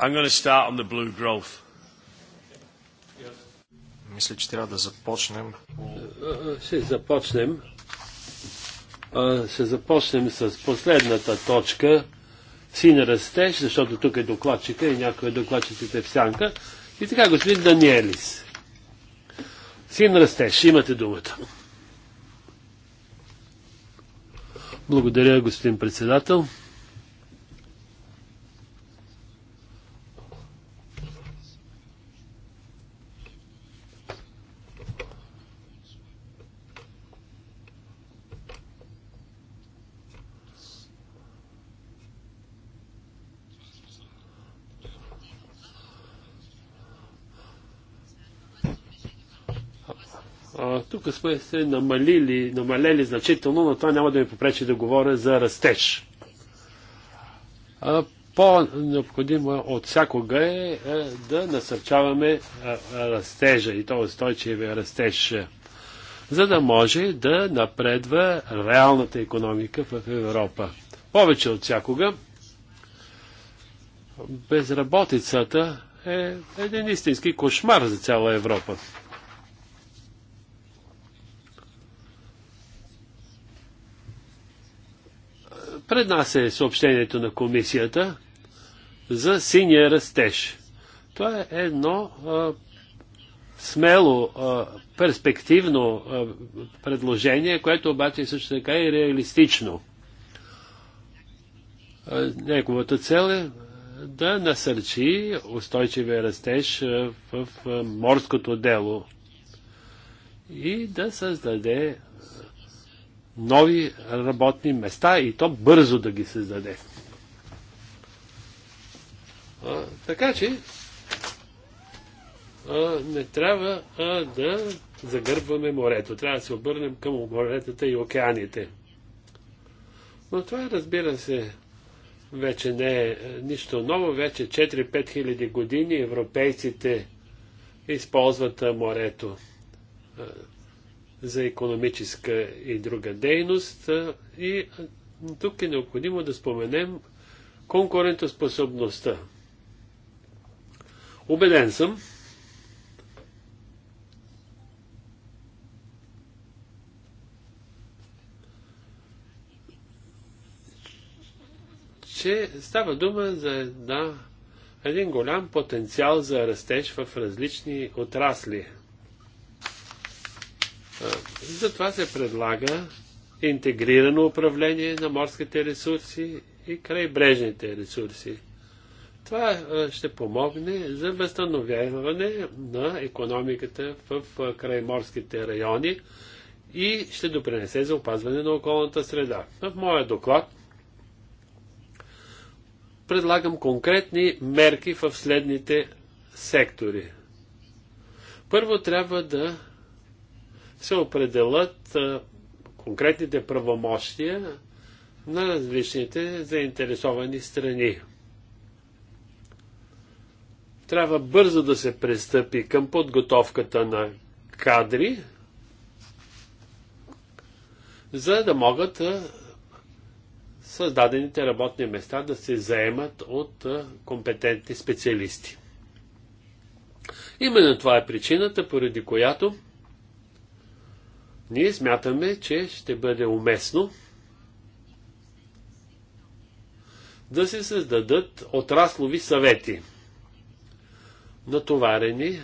I'm going to start on the blue growth. Мисля, че трябва да започнем. Ще започнем. Ще започнем с последната точка. Син растеж, защото тук е докладчика и някой е докладчиците в сянка. И така, господин Даниелис. Син растеж, имате думата. Благодаря, господин председател. тук сме се намалили, намалели значително, но това няма да ми попречи да говоря за растеж. По-необходимо е от всякога е, е да насърчаваме растежа и то устойчивия растеж, за да може да напредва реалната економика в Европа. Повече от всякога безработицата е един истински кошмар за цяла Европа. Пред нас е съобщението на комисията за синия растеж. Това е едно а, смело, а, перспективно а, предложение, което обаче също така е реалистично. А, неговата цел е да насърчи устойчивия растеж в морското дело и да създаде нови работни места и то бързо да ги създаде. А, така че а, не трябва а, да загърбваме морето. Трябва да се обърнем към моретата и океаните. Но това, разбира се, вече не е нищо ново. Вече 4-5 хиляди години европейците използват морето за економическа и друга дейност. И тук е необходимо да споменем конкурентоспособността. Обеден съм, че става дума за една, един голям потенциал за растеж в различни отрасли – затова се предлага интегрирано управление на морските ресурси и крайбрежните ресурси. Това е, ще помогне за възстановяване на економиката в е, крайморските райони и ще допринесе за опазване на околната среда. В моя доклад предлагам конкретни мерки в следните сектори. Първо трябва да се определят конкретните правомощия на различните заинтересовани страни. Трябва бързо да се пристъпи към подготовката на кадри, за да могат създадените работни места да се заемат от компетентни специалисти. Именно това е причината, поради която ние смятаме, че ще бъде уместно да се създадат отраслови съвети, натоварени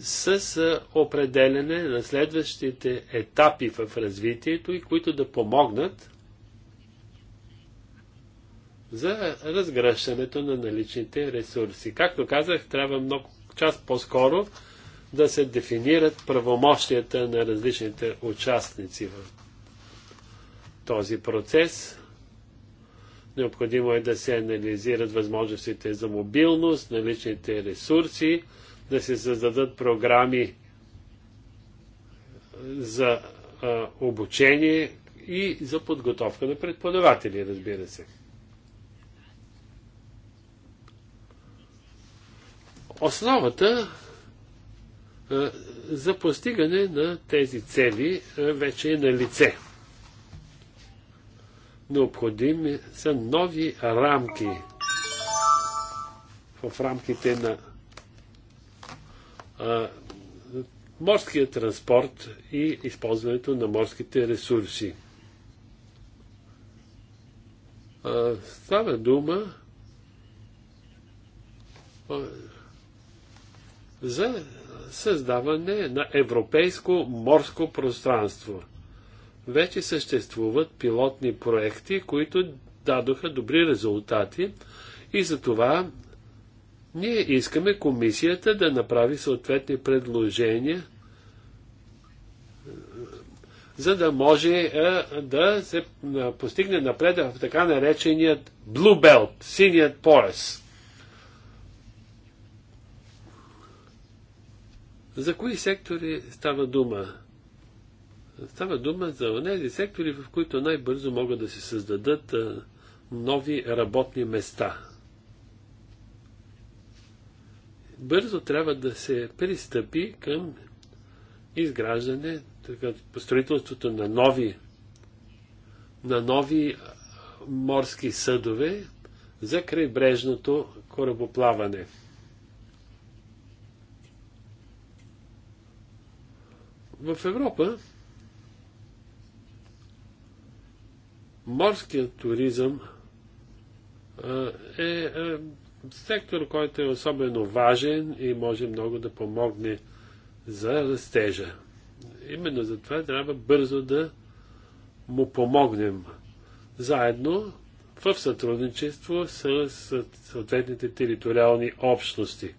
с определене на следващите етапи в развитието и които да помогнат за разгръщането на наличните ресурси. Както казах, трябва много част по-скоро да се дефинират правомощията на различните участници в този процес. Необходимо е да се анализират възможностите за мобилност, наличните ресурси, да се създадат програми за а, обучение и за подготовка на преподаватели, разбира се. Основата за постигане на тези цели вече е на лице. Необходими са нови рамки в рамките на морския транспорт и използването на морските ресурси. става дума за създаване на европейско морско пространство. Вече съществуват пилотни проекти, които дадоха добри резултати и за това ние искаме комисията да направи съответни предложения, за да може да се постигне напред в така нареченият Blue Belt, синият пояс. За кои сектори става дума? Става дума за тези сектори, в които най-бързо могат да се създадат нови работни места. Бързо трябва да се пристъпи към изграждане, така, строителството на нови, на нови морски съдове за крайбрежното корабоплаване. В Европа морският туризъм е сектор, който е особено важен и може много да помогне за растежа. Именно за това трябва бързо да му помогнем заедно в сътрудничество с съответните териториални общности.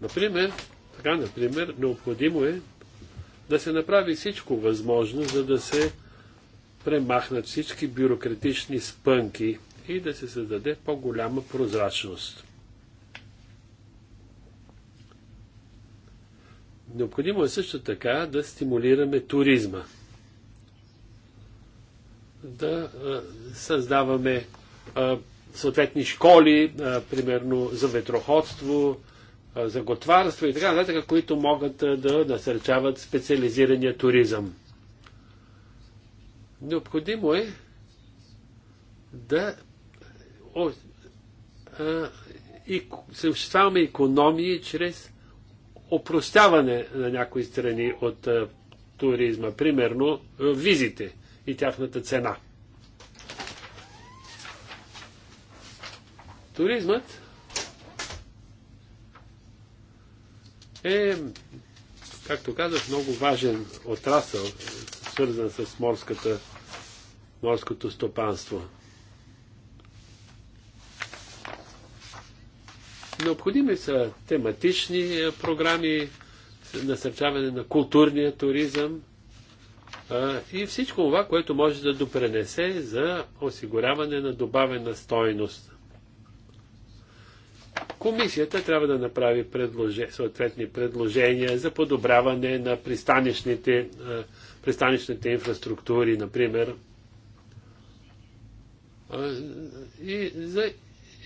Например, така, например, необходимо е да се направи всичко възможно, за да се премахнат всички бюрократични спънки и да се създаде по-голяма прозрачност. Необходимо е също така да стимулираме туризма. Да създаваме съответни школи, примерно за ветроходство, за готварство и така нататък, които могат да насърчават специализирания туризъм. Необходимо е да о, а, и, съществяваме економии чрез опростяване на някои страни от а, туризма. Примерно а, визите и тяхната цена. Туризмът е, както казах, много важен отрасъл, свързан с морската, морското стопанство. Необходими са тематични е, програми, насърчаване на културния туризъм а, и всичко това, което може да допренесе за осигуряване на добавена стойност Комисията трябва да направи предложе, съответни предложения за подобряване на пристанищните, е, пристанищните инфраструктури, например, е, и за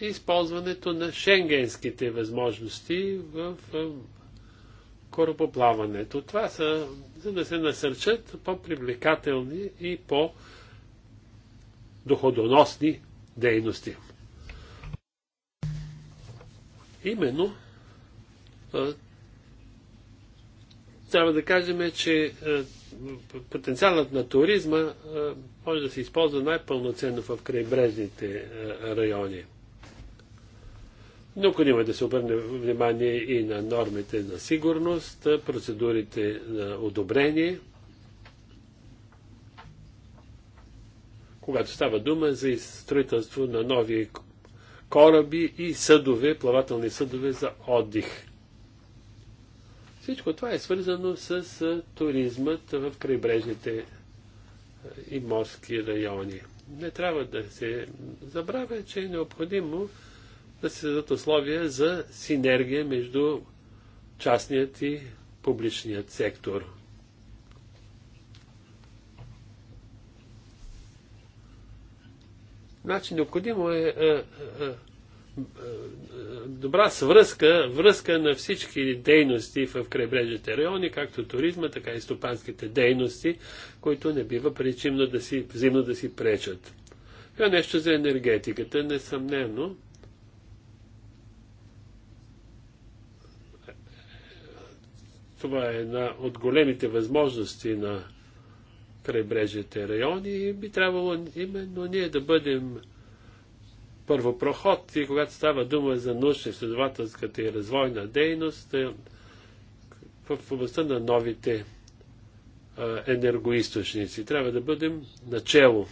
използването на шенгенските възможности в е, корабоплаването. Това са, за да се насърчат по-привлекателни и по-доходоносни дейности. Именно трябва да кажем, че потенциалът на туризма може да се използва най-пълноценно в крайбрежните райони. Необходимо е да се обърне внимание и на нормите на сигурност, процедурите на одобрение, когато става дума за строителство на нови кораби и съдове, плавателни съдове за отдих. Всичко това е свързано с туризмът в крайбрежните и морски райони. Не трябва да се забравя, че е необходимо да се дадат условия за синергия между частният и публичният сектор – Значи необходимо е а, е, а, е, е, добра свръзка, връзка на всички дейности в крайбрежните райони, както туризма, така и стопанските дейности, които не бива причимно да си, взаимно да си пречат. Това нещо за енергетиката, несъмнено. Това е една от големите възможности на крайбрежните райони и би трябвало именно ние да бъдем първопроход и когато става дума за научно-изследователската и развойна дейност е, в областта на новите е, енергоисточници. Трябва да бъдем начало.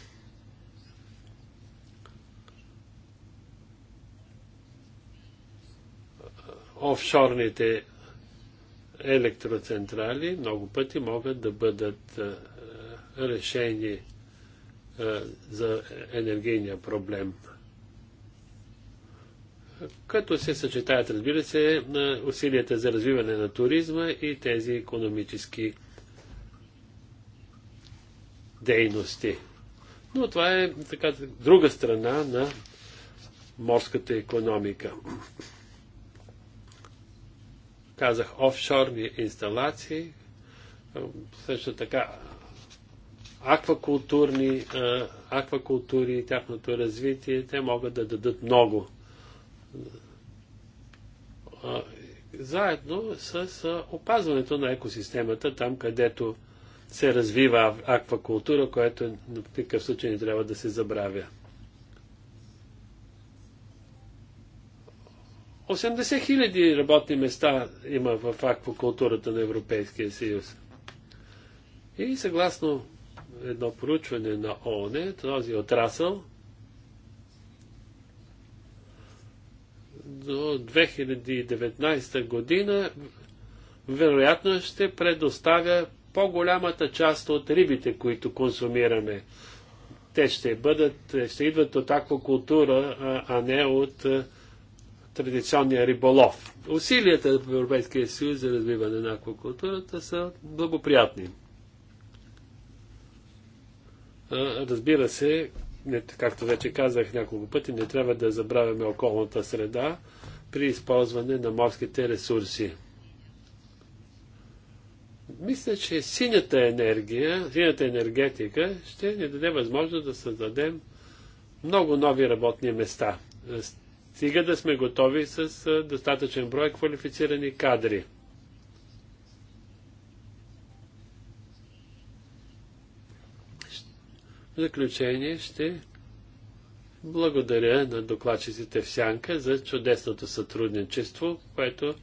Офшорните електроцентрали много пъти могат да бъдат е, решение е, за енергийния проблем. Като се съчетаят, разбира се, на усилията за развиване на туризма и тези економически дейности. Но това е така, друга страна на морската економика. Казах офшорни инсталации, също така аквакултурни, аквакултури и тяхното развитие, те могат да дадат много. Заедно с опазването на екосистемата, там където се развива аквакултура, което в такъв случай не трябва да се забравя. 80 хиляди работни места има в аквакултурата на Европейския съюз. И съгласно едно проучване на ООН, този отрасъл, до 2019 година вероятно ще предоставя по-голямата част от рибите, които консумираме. Те ще бъдат, ще идват от аквакултура, а не от традиционния риболов. Усилията в Европейския съюз за развиване на аквакултурата са благоприятни. Разбира се, както вече казах няколко пъти, не трябва да забравяме околната среда при използване на морските ресурси. Мисля, че синята енергия, синята енергетика ще ни даде възможност да създадем много нови работни места. Стига да сме готови с достатъчен брой квалифицирани кадри. В заключение ще благодаря на докладчиците в Сянка за чудесното сътрудничество, което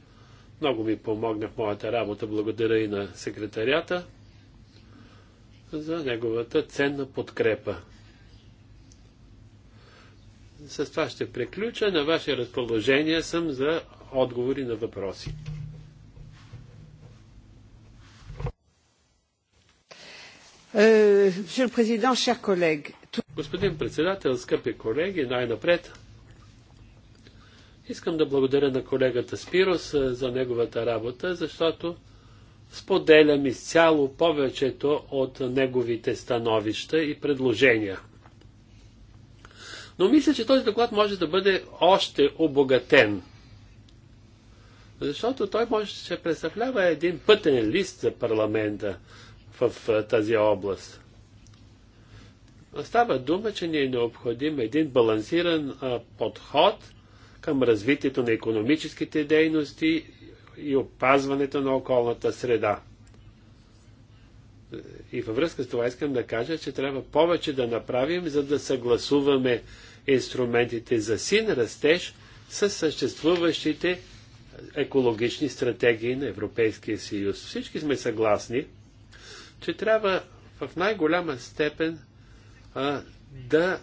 много ми помогна в моята работа. Благодаря и на секретарята за неговата ценна подкрепа. С това ще приключа. На ваше разположение съм за отговори на въпроси. Euh, Господин председател, скъпи колеги, най-напред искам да благодаря на колегата Спирос за неговата работа, защото споделям изцяло повечето от неговите становища и предложения. Но мисля, че този доклад може да бъде още обогатен. Защото той може да се представлява един пътен лист за парламента в тази област. Става дума, че ни е необходим един балансиран подход към развитието на економическите дейности и опазването на околната среда. И във връзка с това искам да кажа, че трябва повече да направим, за да съгласуваме инструментите за син растеж с съществуващите екологични стратегии на Европейския съюз. Всички сме съгласни, че трябва в най-голяма степен а, да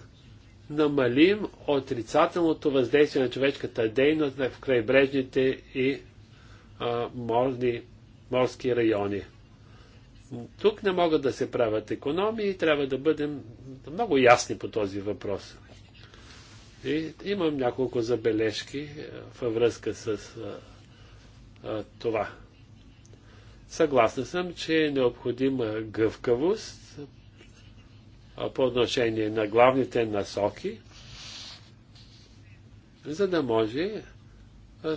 намалим отрицателното въздействие на човешката дейност в крайбрежните и а, морни, морски райони. Тук не могат да се правят економии, трябва да бъдем много ясни по този въпрос. И имам няколко забележки във връзка с а, а, това. Съгласна съм, че е необходима гъвкавост по отношение на главните насоки, за да може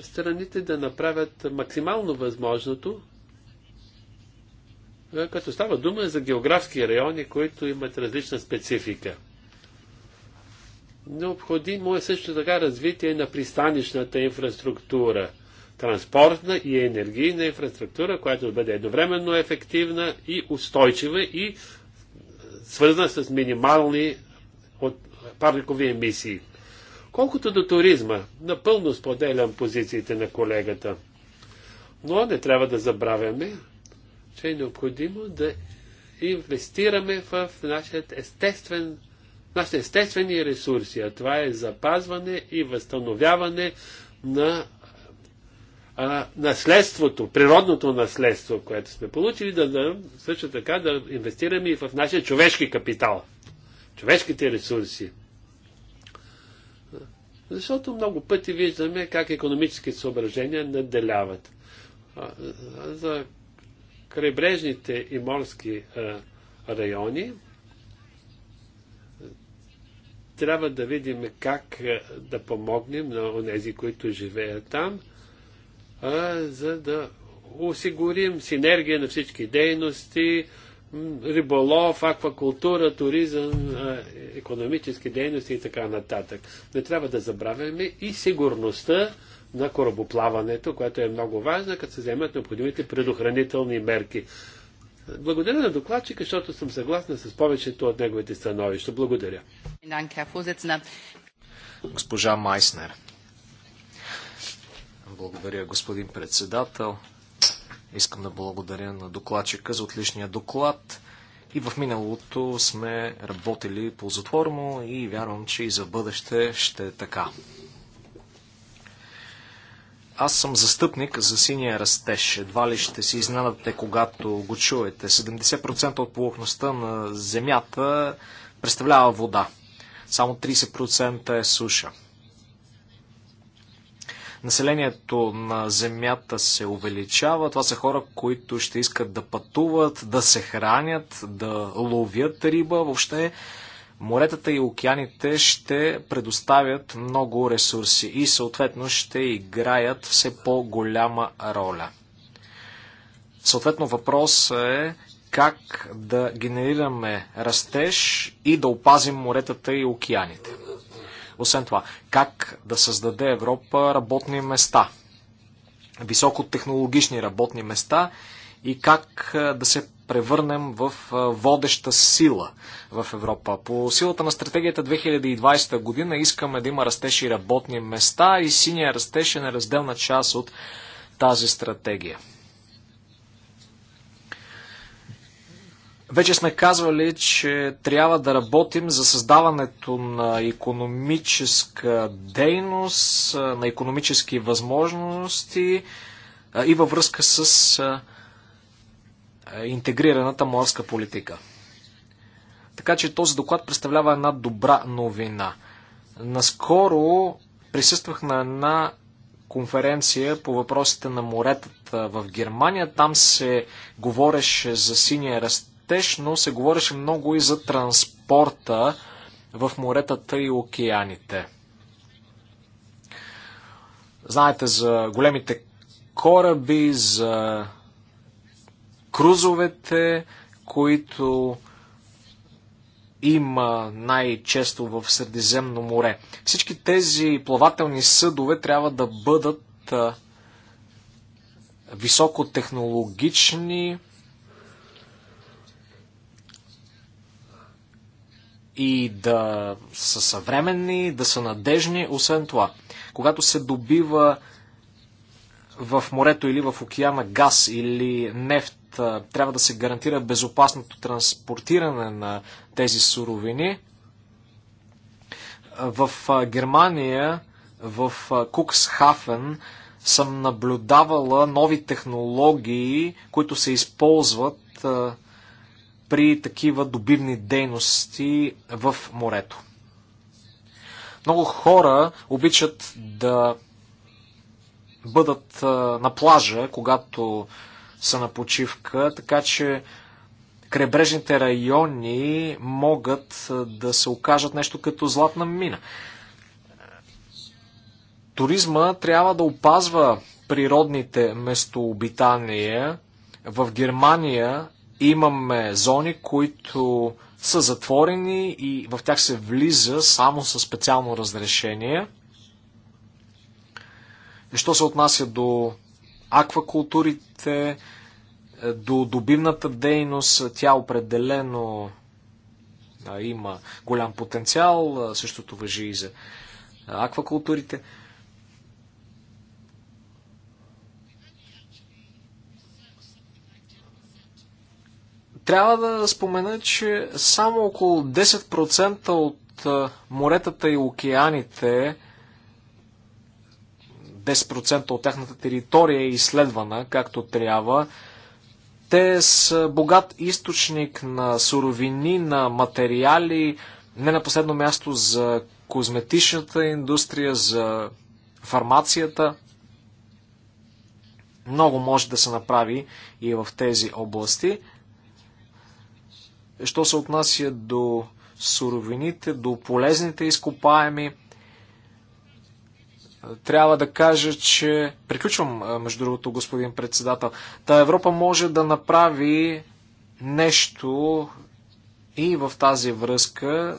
страните да направят максимално възможното, като става дума за географски райони, които имат различна специфика. Необходимо е също така развитие на пристанищната инфраструктура – транспортна и енергийна инфраструктура, която да бъде едновременно ефективна и устойчива и е, свързана с минимални от парникови емисии. Колкото до туризма, напълно споделям позициите на колегата. Но не трябва да забравяме, че е необходимо да инвестираме в естествен, нашите естествени ресурси, а това е запазване и възстановяване на а, наследството, природното наследство, което сме получили, да, да също така да инвестираме и в нашия човешки капитал, човешките ресурси. Защото много пъти виждаме как економическите съображения надделяват. За крайбрежните и морски райони трябва да видим как да помогнем на тези, които живеят там – за да осигурим синергия на всички дейности, риболов, аквакултура, туризъм, економически дейности и така нататък. Не трябва да забравяме и сигурността на корабоплаването, което е много важно, като се вземат необходимите предохранителни мерки. Благодаря на докладчика, защото съм съгласна с повечето от неговите становища. Благодаря. Госпожа Майснер. Благодаря, господин председател. Искам да благодаря на докладчика за отличния доклад. И в миналото сме работили ползотворно и вярвам, че и за бъдеще ще е така. Аз съм застъпник за синия растеж. Едва ли ще се изненадате, когато го чуете. 70% от повърхността на земята представлява вода. Само 30% е суша. Населението на Земята се увеличава. Това са хора, които ще искат да пътуват, да се хранят, да ловят риба. Въобще моретата и океаните ще предоставят много ресурси и съответно ще играят все по-голяма роля. Съответно въпросът е как да генерираме растеж и да опазим моретата и океаните. Освен това, как да създаде Европа работни места, високотехнологични работни места и как да се превърнем в водеща сила в Европа. По силата на стратегията 2020 година искаме да има растеж и работни места и синия растеж е неразделна част от тази стратегия. Вече сме казвали, че трябва да работим за създаването на економическа дейност, на економически възможности и във връзка с интегрираната морска политика. Така че този доклад представлява една добра новина. Наскоро присъствах на една конференция по въпросите на моретата в Германия. Там се говореше за синия растеж по но се говореше много и за транспорта в моретата и океаните. Знаете за големите кораби, за крузовете, които има най-често в Средиземно море. Всички тези плавателни съдове трябва да бъдат високотехнологични, и да са съвременни, да са надежни. Освен това, когато се добива в морето или в океана газ или нефт, трябва да се гарантира безопасното транспортиране на тези суровини. В Германия, в Куксхафен, съм наблюдавала нови технологии, които се използват при такива добивни дейности в морето. Много хора обичат да бъдат на плажа, когато са на почивка, така че крайбрежните райони могат да се окажат нещо като златна мина. Туризма трябва да опазва природните местообитания. В Германия Имаме зони, които са затворени и в тях се влиза само със специално разрешение. И що се отнася до аквакултурите, е, до добивната дейност, тя определено има голям потенциал. Същото въжи и за аквакултурите. Трябва да спомена, че само около 10% от моретата и океаните, 10% от тяхната територия е изследвана както трябва. Те са богат източник на суровини, на материали, не на последно място за козметичната индустрия, за фармацията. Много може да се направи и в тези области що се отнася до суровините, до полезните изкопаеми. Трябва да кажа, че... Приключвам, между другото, господин председател. Та Европа може да направи нещо и в тази връзка,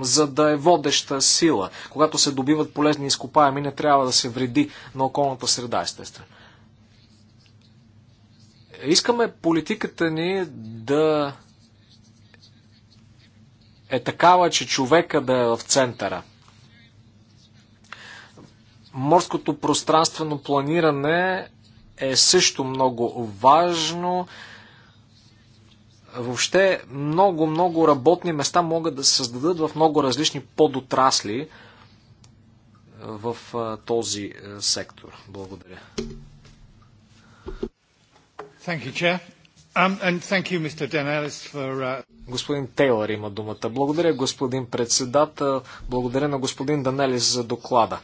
за да е водеща сила. Когато се добиват полезни изкопаеми, не трябва да се вреди на околната среда, естествено. Искаме политиката ни да е такава, че човека да е в центъра. Морското пространствено планиране е също много важно. Въобще много, много работни места могат да се създадат в много различни подотрасли в този сектор. Благодаря. Um, uh, господин Тейлър има думата. Благодаря, господин председател. Благодаря на господин Данелис за доклада.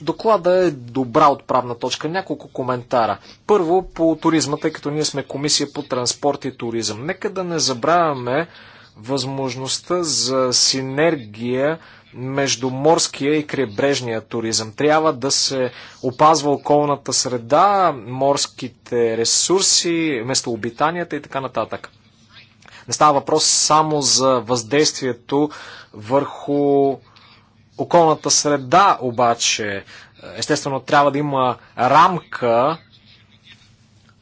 Доклада е добра отправна точка. Няколко коментара. Първо, по туризма, тъй като ние сме комисия по транспорт и туризъм. Нека да не забравяме възможността за синергия между морския и крайбрежния туризъм. Трябва да се опазва околната среда, морските ресурси, местообитанията и така нататък. Не става въпрос само за въздействието върху околната среда, обаче. Естествено, трябва да има рамка,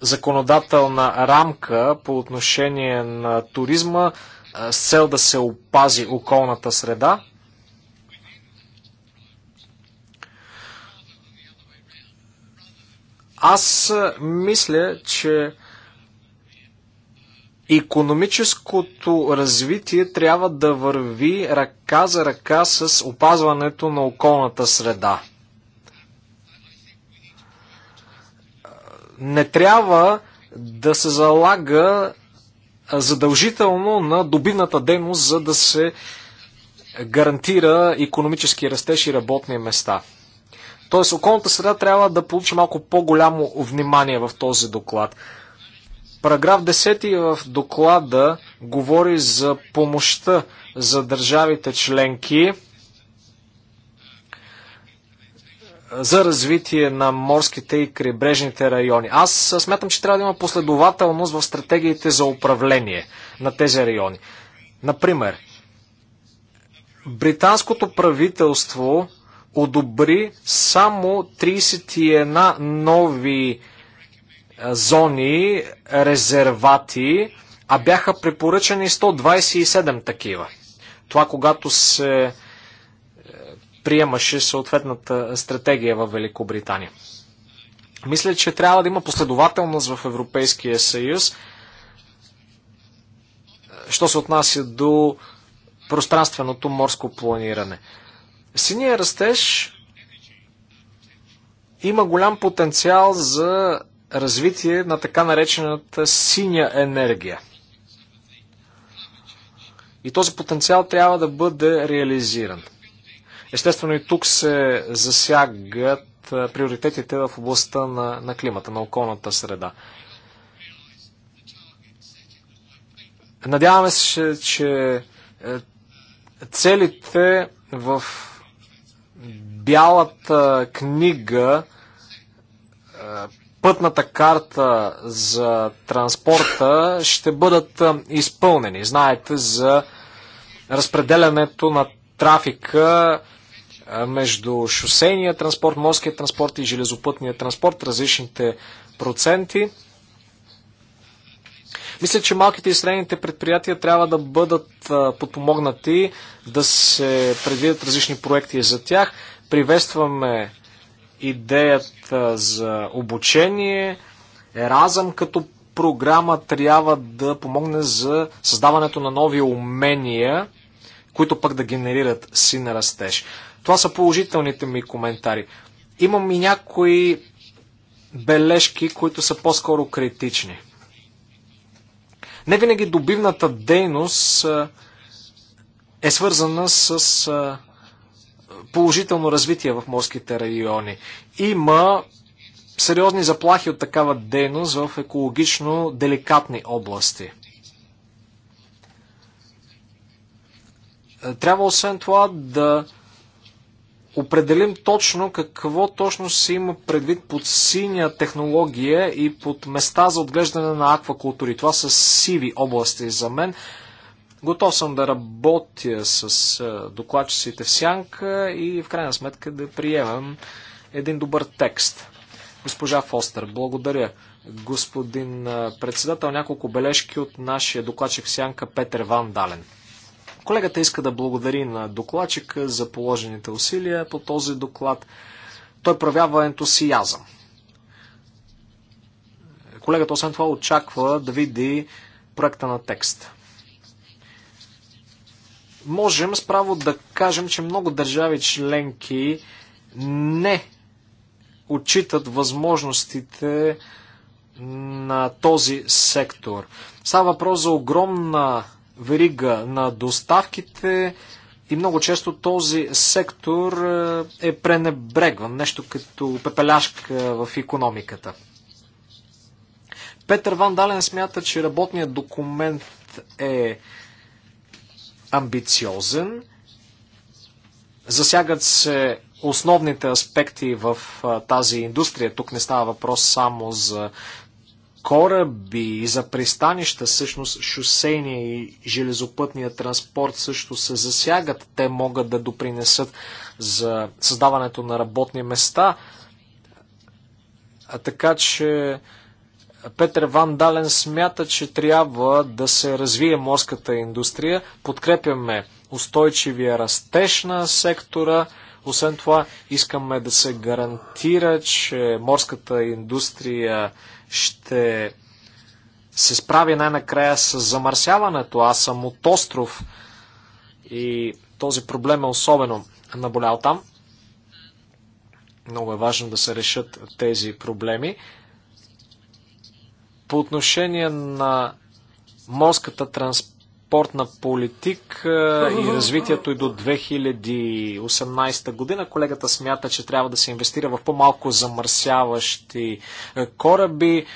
законодателна рамка по отношение на туризма с цел да се опази околната среда. Аз мисля, че економическото развитие трябва да върви ръка за ръка с опазването на околната среда. Не трябва да се залага задължително на добивната дейност, за да се гарантира економически растеж и работни места. Тоест, околната среда трябва да получи малко по-голямо внимание в този доклад. Параграф 10 в доклада говори за помощта за държавите членки за развитие на морските и крайбрежните райони. Аз смятам, че трябва да има последователност в стратегиите за управление на тези райони. Например, британското правителство одобри само 31 нови зони, резервати, а бяха препоръчани 127 такива. Това когато се е, приемаше съответната стратегия в Великобритания. Мисля, че трябва да има последователност в Европейския съюз, е, що се отнася до пространственото морско планиране. Синия растеж има голям потенциал за развитие на така наречената синя енергия. И този потенциал трябва да бъде реализиран. Естествено и тук се засягат приоритетите в областта на, на климата, на околната среда. Надяваме се, че е, целите в бялата книга, е, пътната карта за транспорта ще бъдат е, изпълнени. Знаете за разпределянето на трафика е, между шосейния транспорт, морския транспорт и железопътния транспорт, различните проценти. Мисля, че малките и средните предприятия трябва да бъдат подпомогнати да се предвидят различни проекти за тях. Приветстваме идеята за обучение. Еразъм като програма трябва да помогне за създаването на нови умения, които пък да генерират си на растеж. Това са положителните ми коментари. Имам и някои бележки, които са по-скоро критични. Не винаги добивната дейност е свързана с положително развитие в морските райони. Има сериозни заплахи от такава дейност в екологично деликатни области. Е, трябва освен това да определим точно какво точно се има предвид под синя технология и под места за отглеждане на аквакултури. Това са сиви области за мен. Готов съм да работя с докладчиците в сянка и в крайна сметка да приемам един добър текст. Госпожа Фостер, благодаря. Господин председател, няколко бележки от нашия докладчик в сянка Петър Ван Дален. Колегата иска да благодари на докладчика за положените усилия по този доклад. Той проявява ентусиазъм. Колегата освен това очаква да види проекта на текста можем справо да кажем, че много държави членки не отчитат възможностите на този сектор. Става въпрос за огромна верига на доставките и много често този сектор е, е пренебрегван, нещо като пепеляшка в економиката. Петър Ван Дален смята, че работният документ е амбициозен. Засягат се основните аспекти в тази индустрия. Тук не става въпрос само за кораби и за пристанища, всъщност шосейния и железопътния транспорт също се засягат. Те могат да допринесат за създаването на работни места. А така че Петър Ван Дален смята, че трябва да се развие морската индустрия. Подкрепяме устойчивия растеж на сектора. Освен това, искаме да се гарантира, че морската индустрия ще се справи най-накрая с замърсяването. Аз съм от остров и този проблем е особено наболял там. Много е важно да се решат тези проблеми. По отношение на морската транспортна политика е, и развитието и до 2018 година, колегата смята, че трябва да се инвестира в по-малко замърсяващи е, кораби,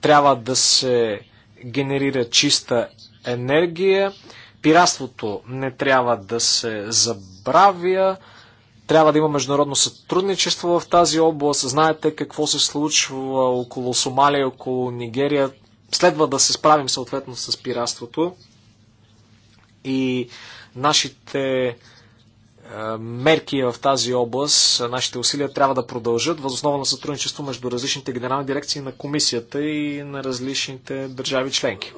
трябва да се генерира чиста енергия, пиратството не трябва да се забравя, трябва да има международно сътрудничество в тази област. Знаете какво се случва около Сомалия, около Нигерия. Следва да се справим съответно с пиратството. И нашите е, мерки в тази област, нашите усилия трябва да продължат възоснова на сътрудничество между различните генерални дирекции на комисията и на различните държави членки.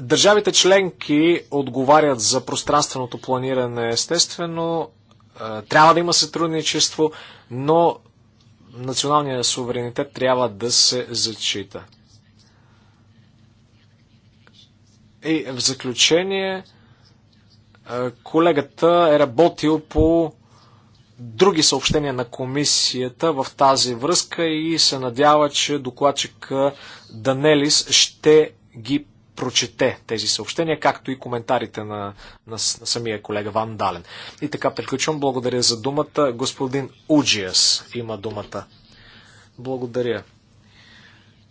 Държавите членки отговарят за пространственото планиране, естествено. Е, трябва да има сътрудничество, но националният суверенитет трябва да се зачита. И в заключение, е, колегата е работил по други съобщения на комисията в тази връзка и се надява, че докладчик Данелис ще ги прочете тези съобщения, както и коментарите на, на, на самия колега Ван Дален. И така приключвам. Благодаря за думата. Господин Уджиас има думата. Благодаря.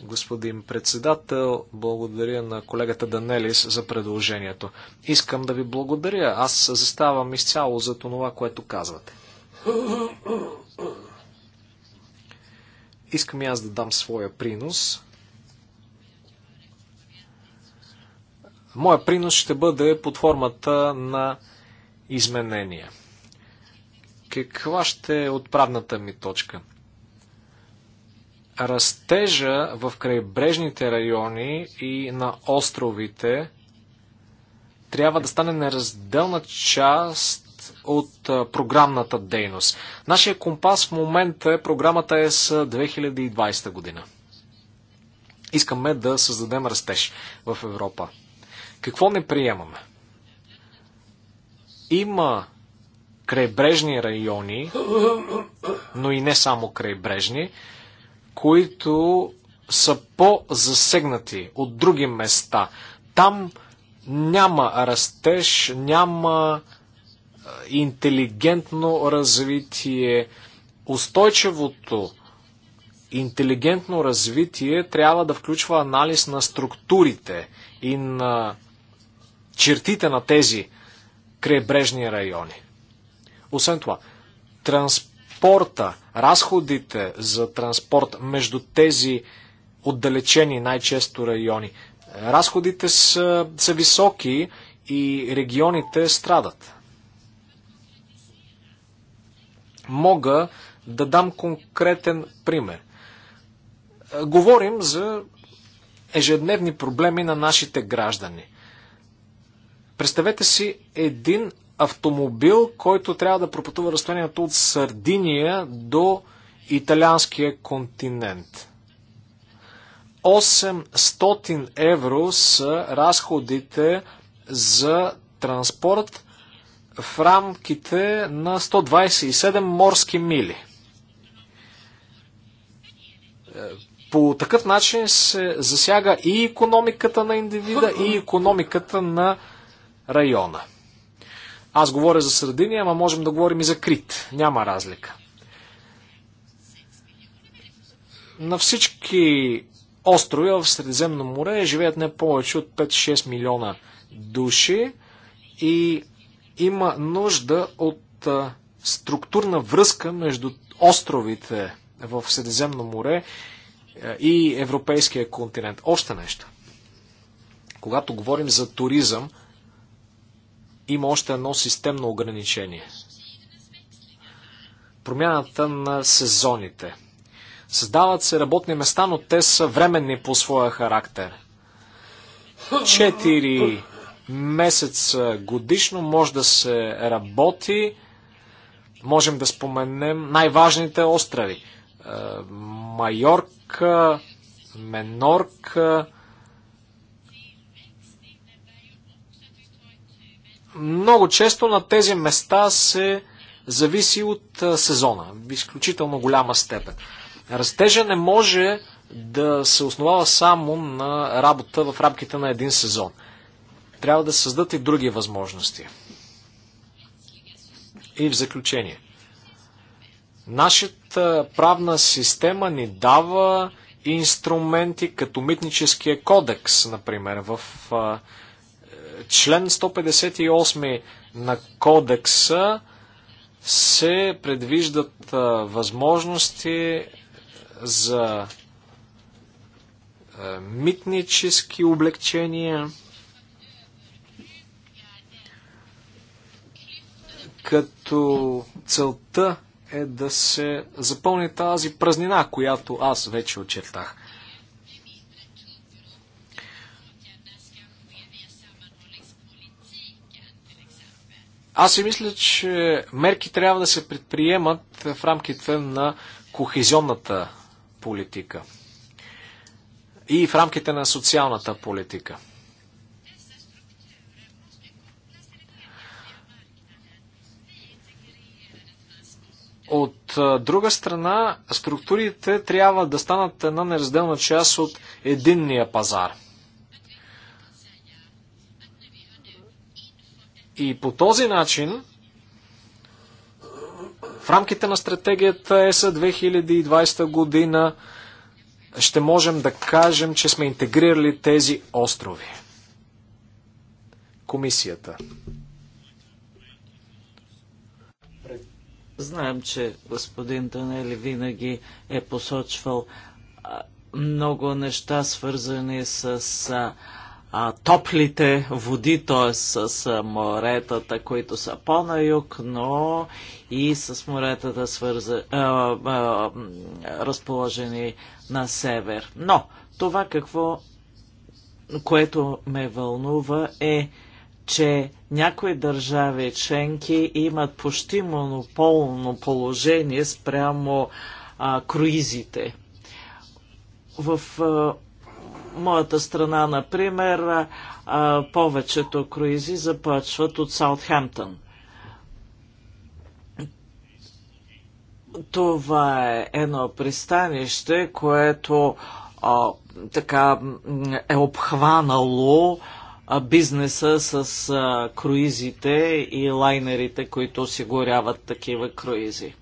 Господин председател, благодаря на колегата Данелис за предложението. Искам да ви благодаря. Аз заставам изцяло за това, което казвате. Искам и аз да дам своя принос. Моя принос ще бъде под формата на изменения. Каква ще е отправната ми точка? Растежа в крайбрежните райони и на островите трябва да стане неразделна част от програмната дейност. Нашия компас в момента е програмата с 2020 година. Искаме да създадем растеж в Европа. Какво не приемаме? Има крайбрежни райони, но и не само крайбрежни, които са по-засегнати от други места. Там няма растеж, няма е, интелигентно развитие. Устойчивото интелигентно развитие трябва да включва анализ на структурите и на чертите на тези крайбрежни райони. Освен това, транспорта, разходите за транспорт между тези отдалечени най-често райони, разходите са, са високи и регионите страдат. Мога да дам конкретен пример. Говорим за ежедневни проблеми на нашите граждани – Представете си един автомобил, който трябва да пропътува разстоянието от Сардиния до италианския континент. 800 евро са разходите за транспорт в рамките на 127 морски мили. По такъв начин се засяга и економиката на индивида, и економиката на района. Аз говоря за Сърдиния, ама можем да говорим и за Крит. Няма разлика. На всички острови в Средиземно море живеят не повече от 5-6 милиона души и има нужда от структурна връзка между островите в Средиземно море и европейския континент. Още нещо. Когато говорим за туризъм, има още едно системно ограничение. Промяната на сезоните. Създават се работни места, но те са временни по своя характер. Четири месеца годишно може да се работи. Можем да споменем най-важните острови. Е, Майорка, Менорка, Много често на тези места се зависи от сезона, в изключително голяма степен. Растежа не може да се основава само на работа в рамките на един сезон. Трябва да създадат и други възможности. И в заключение. Нашата правна система ни дава инструменти като митническия кодекс, например, в член 158 на кодекса се предвиждат възможности за митнически облегчения, като целта е да се запълни тази празнина, която аз вече очертах. Аз си мисля, че мерки трябва да се предприемат в рамките на кохезионната политика и в рамките на социалната политика. От друга страна, структурите трябва да станат една неразделна част от единния пазар – И по този начин, в рамките на стратегията ЕСА 2020 година, ще можем да кажем, че сме интегрирали тези острови. Комисията. Знаем, че господин Данели винаги е посочвал много неща, свързани с а, топлите води, т.е. с моретата, които са по-на юг, но и с моретата свърза, а, а, разположени на север. Но това какво, което ме вълнува е, че някои държави членки имат почти монополно положение спрямо а, круизите. В а, моята страна, например, повечето круизи започват от Саутхемптън. Това е едно пристанище, което а, така е обхванало бизнеса с а, круизите и лайнерите, които осигуряват такива круизи.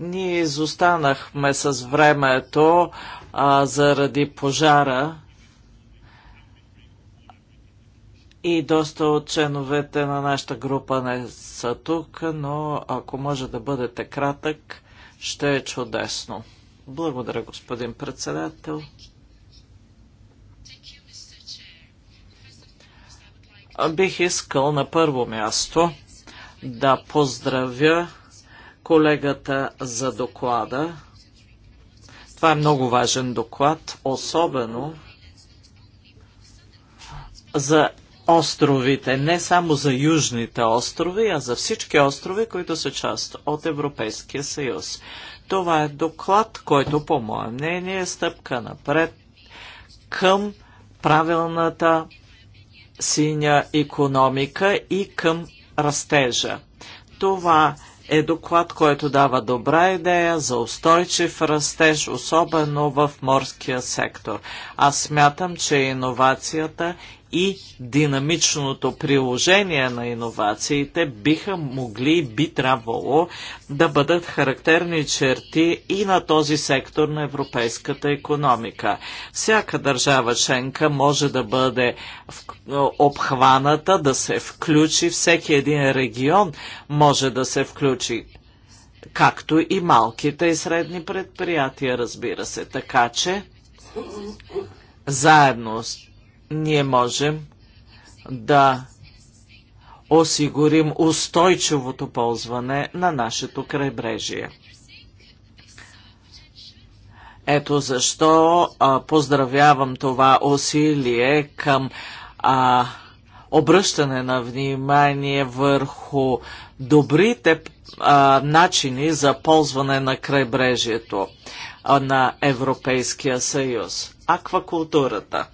Ние изостанахме с времето а, заради пожара И доста от членовете на нашата група не са тук, но ако може да бъдете кратък, ще е чудесно. Благодаря, господин председател. Бих искал на първо място да поздравя колегата за доклада. Това е много важен доклад, особено за островите, не само за южните острови, а за всички острови, които са част от Европейския съюз. Това е доклад, който, по мое мнение, е стъпка напред към правилната синя економика и към растежа. Това е доклад, който дава добра идея за устойчив растеж, особено в морския сектор. Аз смятам, че иновацията и динамичното приложение на иновациите биха могли и би трябвало да бъдат характерни черти и на този сектор на европейската економика. Всяка държава членка може да бъде обхваната, да се включи, всеки един регион може да се включи както и малките и средни предприятия, разбира се. Така че, заедно с ние можем да осигурим устойчивото ползване на нашето крайбрежие. Ето защо а, поздравявам това усилие към а, обръщане на внимание върху добрите а, начини за ползване на крайбрежието на Европейския съюз. Аквакултурата.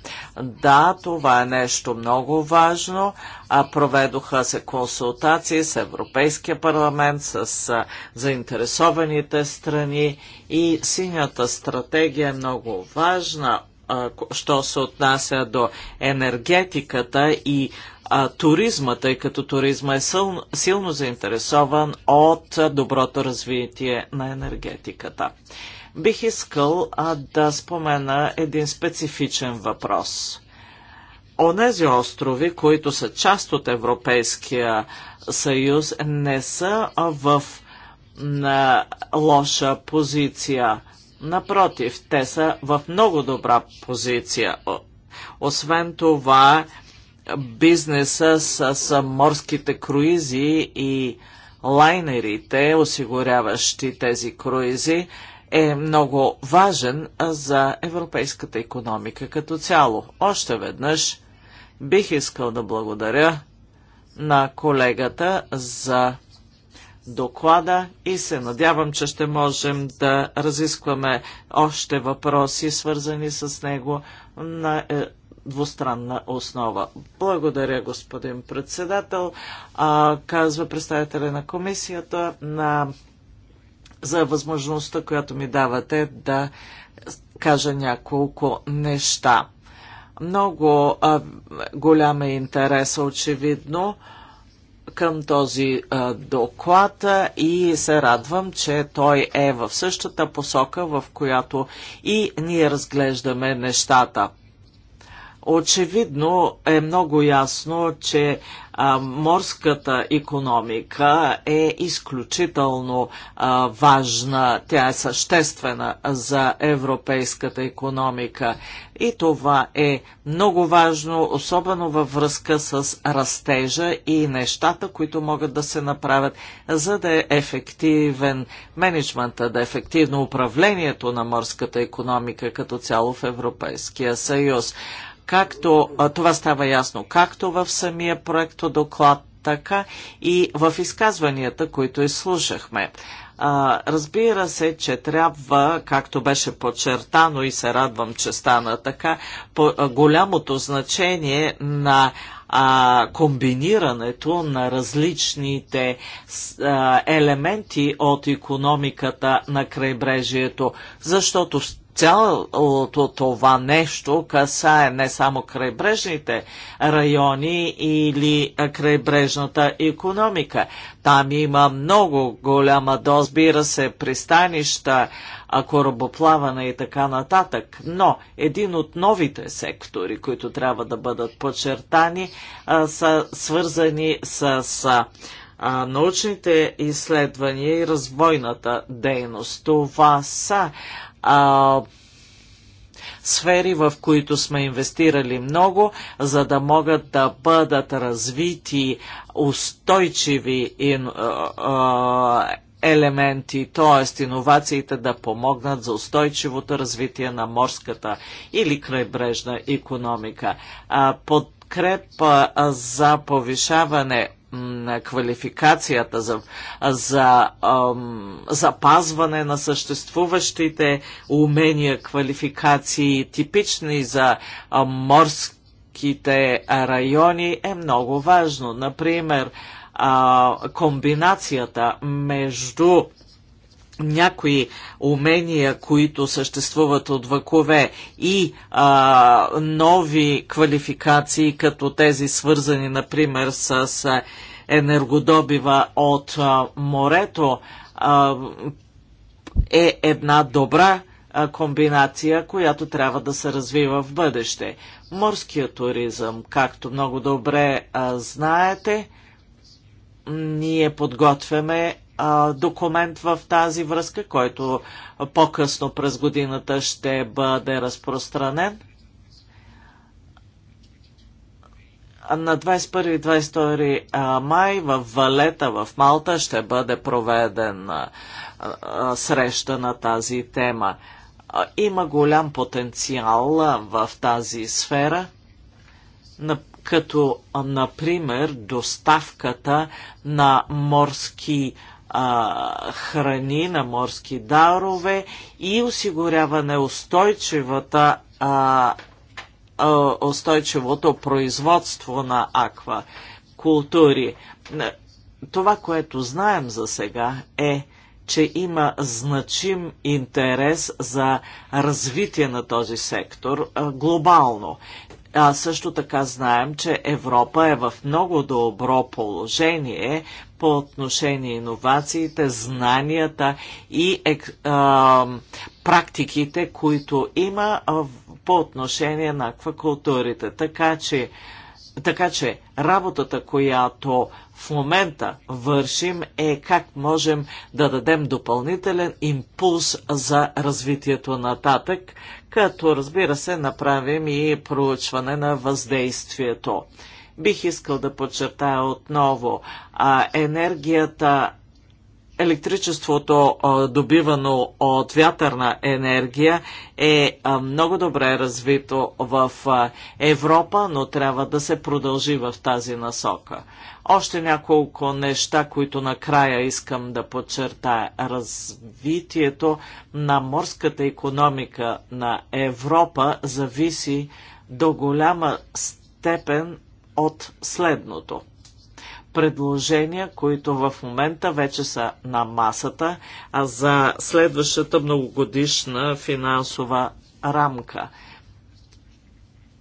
Да, това е нещо много важно. А проведоха се консултации с Европейския парламент, с заинтересованите страни и синята стратегия е много важна, що се отнася до енергетиката и а, туризма, тъй като туризма е силно, силно заинтересован от доброто развитие на енергетиката. Бих искал а, да спомена един специфичен въпрос. Онези острови, които са част от Европейския съюз, не са в на лоша позиция. Напротив, те са в много добра позиция. Освен това, бизнеса с, с морските круизи и лайнерите, осигуряващи тези круизи, е много важен за европейската економика като цяло. Още веднъж бих искал да благодаря на колегата за доклада и се надявам, че ще можем да разискваме още въпроси, свързани с него на е, двустранна основа. Благодаря, господин председател, казва представителя на комисията на за възможността, която ми давате да кажа няколко неща. Много а, голям е интерес, очевидно, към този а, доклад и се радвам, че той е в същата посока, в която и ние разглеждаме нещата. Очевидно е много ясно, че а, морската економика е изключително а, важна, тя е съществена за европейската економика и това е много важно, особено във връзка с растежа и нещата, които могат да се направят, за да е ефективен менеджмента, да е ефективно управлението на морската економика като цяло в Европейския съюз. Както това става ясно, както в самия проекто доклад, така и в изказванията, които изслушахме. А, разбира се, че трябва, както беше подчертано и се радвам, че стана така, по, голямото значение на а, комбинирането на различните а, елементи от економиката на крайбрежието, защото цялото това нещо касае не само крайбрежните райони или крайбрежната економика. Там има много голяма дозбира се пристанища, корабоплаване и така нататък. Но един от новите сектори, които трябва да бъдат подчертани, са свързани с а, научните изследвания и разбойната дейност. Това са а, сфери, в които сме инвестирали много, за да могат да бъдат развити устойчиви ин, а, елементи, т.е. иновациите да помогнат за устойчивото развитие на морската или крайбрежна економика. А, подкрепа за повишаване на квалификацията, за, за ам, запазване на съществуващите умения, квалификации, типични за ам, морските райони, е много важно. Например, а, комбинацията между някои умения, които съществуват от векове и а, нови квалификации, като тези свързани, например, с енергодобива от а, морето, а, е една добра а, комбинация, която трябва да се развива в бъдеще. Морският туризъм, както много добре а, знаете, ние подготвяме документ в тази връзка, който по-късно през годината ще бъде разпространен. На 21-22 май в Валета в Малта ще бъде проведен среща на тази тема. има голям потенциал в тази сфера, като, например, доставката на морски а, храни, на морски дарове и осигуряване неустойчивата а, устойчивото производство на аквакултури. Това, което знаем за сега е, че има значим интерес за развитие на този сектор глобално. А, също така знаем, че Европа е в много добро положение по отношение иновациите, знанията и е, е, практиките, които има по отношение на аквакултурите. Така че така че работата, която в момента вършим е как можем да дадем допълнителен импулс за развитието нататък, като разбира се направим и проучване на въздействието. Бих искал да подчертая отново, а енергията електричеството, добивано от вятърна енергия, е много добре развито в Европа, но трябва да се продължи в тази насока. Още няколко неща, които накрая искам да подчертая. Развитието на морската економика на Европа зависи до голяма степен от следното – предложения, които в момента вече са на масата, а за следващата многогодишна финансова рамка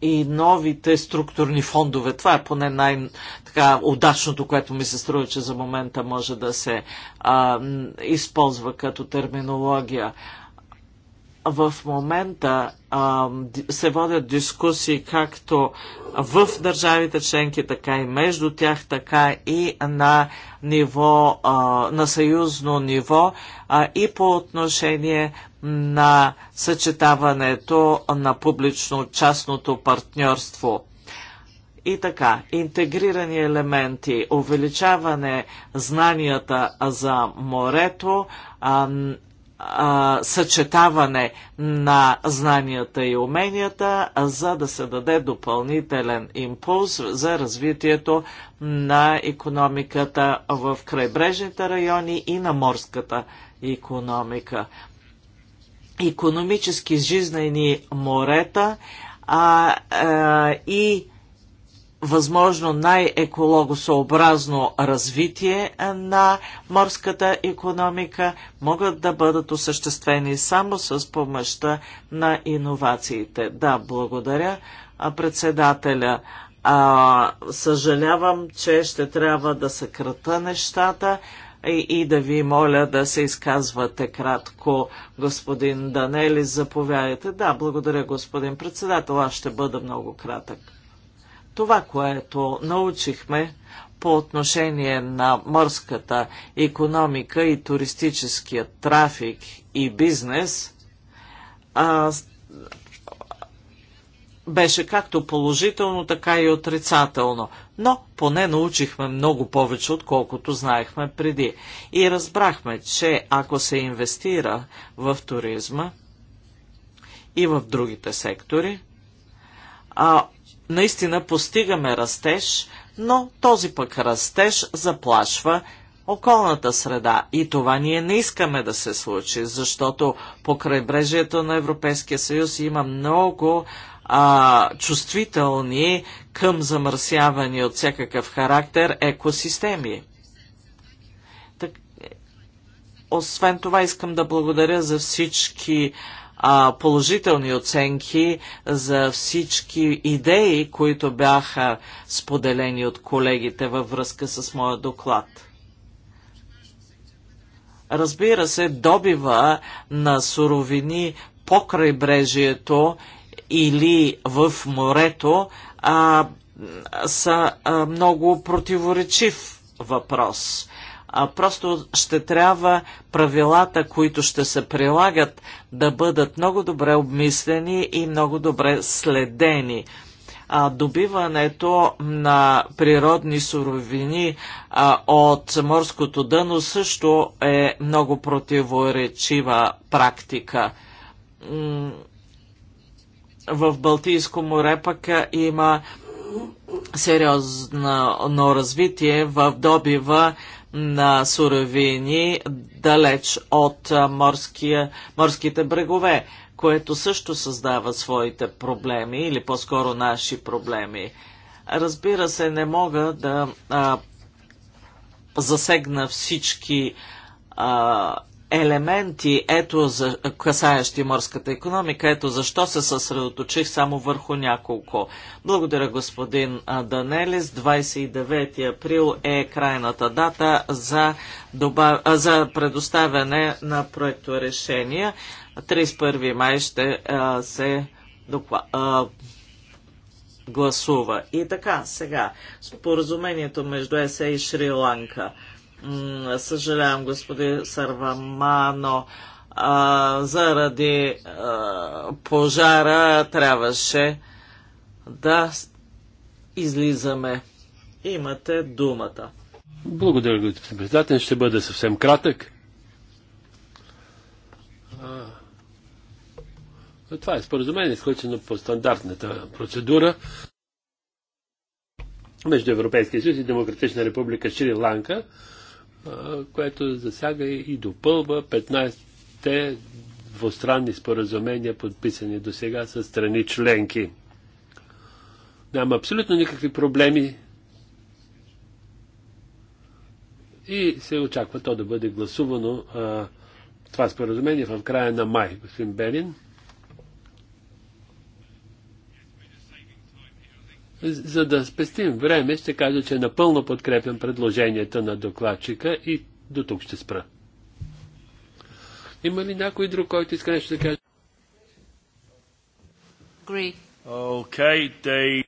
и новите структурни фондове. Това е поне най-удачното, което ми се струва, че за момента може да се а, използва като терминология в момента а, се водят дискусии както в държавите членки, така и между тях, така и на ниво, а, на съюзно ниво а, и по отношение на съчетаването на публично-частното партньорство. И така, интегрирани елементи, увеличаване знанията за морето, а, съчетаване на знанията и уменията, а за да се даде допълнителен импулс за развитието на економиката в крайбрежните райони и на морската економика. Економически жизнени морета а, а, и възможно най екологосообразно развитие е, на морската економика могат да бъдат осъществени само с помощта на иновациите. Да, благодаря председателя. А, съжалявам, че ще трябва да съкрата нещата и, и да ви моля да се изказвате кратко, господин Данели, заповядайте. Да, благодаря, господин председател, аз ще бъда много кратък. Това, което научихме по отношение на морската економика и туристическия трафик и бизнес, а, беше както положително, така и отрицателно. Но поне научихме много повече, отколкото знаехме преди. И разбрахме, че ако се инвестира в туризма и в другите сектори, а, наистина постигаме растеж, но този пък растеж заплашва околната среда. И това ние не искаме да се случи, защото по крайбрежието на Европейския съюз има много а, чувствителни към замърсяване от всякакъв характер екосистеми. Так, е, освен това искам да благодаря за всички а, положителни оценки за всички идеи, които бяха споделени от колегите във връзка с моя доклад. Разбира се, добива на суровини по крайбрежието или в морето а, са а, много противоречив въпрос а просто ще трябва правилата, които ще се прилагат, да бъдат много добре обмислени и много добре следени. А, добиването на природни суровини а, от морското дъно също е много противоречива практика. В Балтийско море пък има сериозно развитие в добива на суровини далеч от морския, морските брегове, което също създава своите проблеми или по-скоро наши проблеми. Разбира се, не мога да а, засегна всички а, елементи, ето за, касаещи морската економика, ето защо се съсредоточих само върху няколко. Благодаря господин Данелис. 29 април е крайната дата за, добав... за предоставяне на проекто решения. 31 май ще а, се а, гласува. И така, сега, споразумението между ЕСЕ и Шри-Ланка – съжалявам, господин Сарвамано, а, заради а, пожара трябваше да излизаме. Имате думата. Благодаря, господин председател. Ще бъде съвсем кратък. А, това е споразумение, изключено по стандартната процедура между Европейския съюз и Демократична република Шри-Ланка което засяга и допълва 15-те двустранни споразумения, подписани до сега с страни членки. Няма абсолютно никакви проблеми и се очаква то да бъде гласувано а, това споразумение в края на май, господин Белин. За да спестим време, ще кажа, че напълно подкрепям предложенията на докладчика и до тук ще спра. Има ли някой друг, който иска нещо да каже? Okay, they...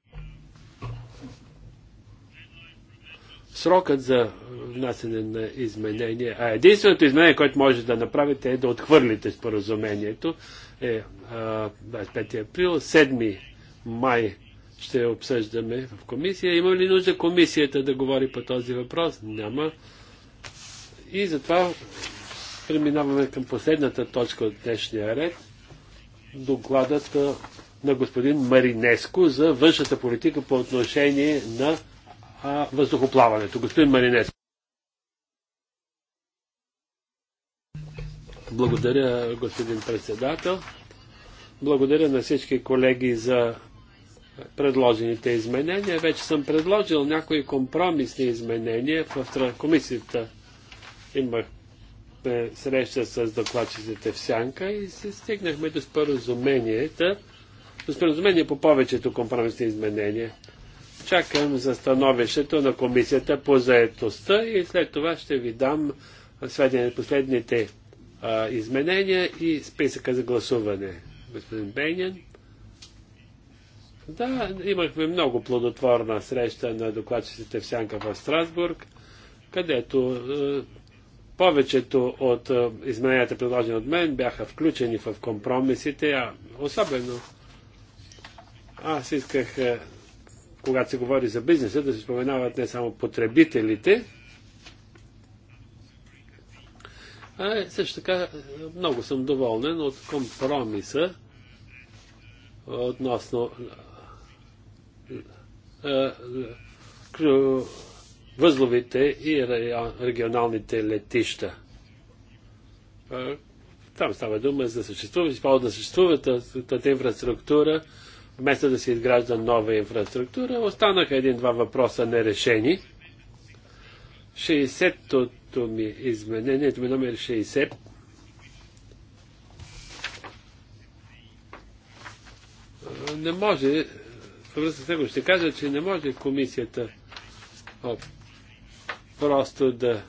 Срокът за внасене на изменение, а единственото изменение, което може да направите е да отхвърлите споразумението, е а, 25 април, 7 май ще обсъждаме в комисия. Има ли нужда комисията да говори по този въпрос? Няма. И затова преминаваме към последната точка от днешния ред. Докладът на господин Маринеско за външната политика по отношение на а, въздухоплаването. Господин Маринеско. Благодаря, господин председател. Благодаря на всички колеги за предложените изменения. Вече съм предложил някои компромисни изменения в комисията. Имах среща с докладчиците в Сянка и се стигнахме до споразуменията. До споразумение по повечето компромисни изменения. Чакам за становището на комисията по заедостта и след това ще ви дам сведения последните а, изменения и списъка за гласуване. Господин Бейнин. Да, имахме много плодотворна среща на докладчиците в Сянка в Страсбург, където е, повечето от е, измененията, предложени от мен, бяха включени в компромисите, а особено аз исках, е, когато се говори за бизнеса, да се споменават не само потребителите, а също така е, много съм доволен от компромиса относно е, е, е, възловите и регионалните летища. Е, там става дума за съществуване, използва да съществува тази инфраструктура, вместо да се изгражда нова инфраструктура, останаха един-два въпроса нерешени. 60-тото ми изменението ми номер 60 не може връзка с него ще кажа, че не може комисията о, просто да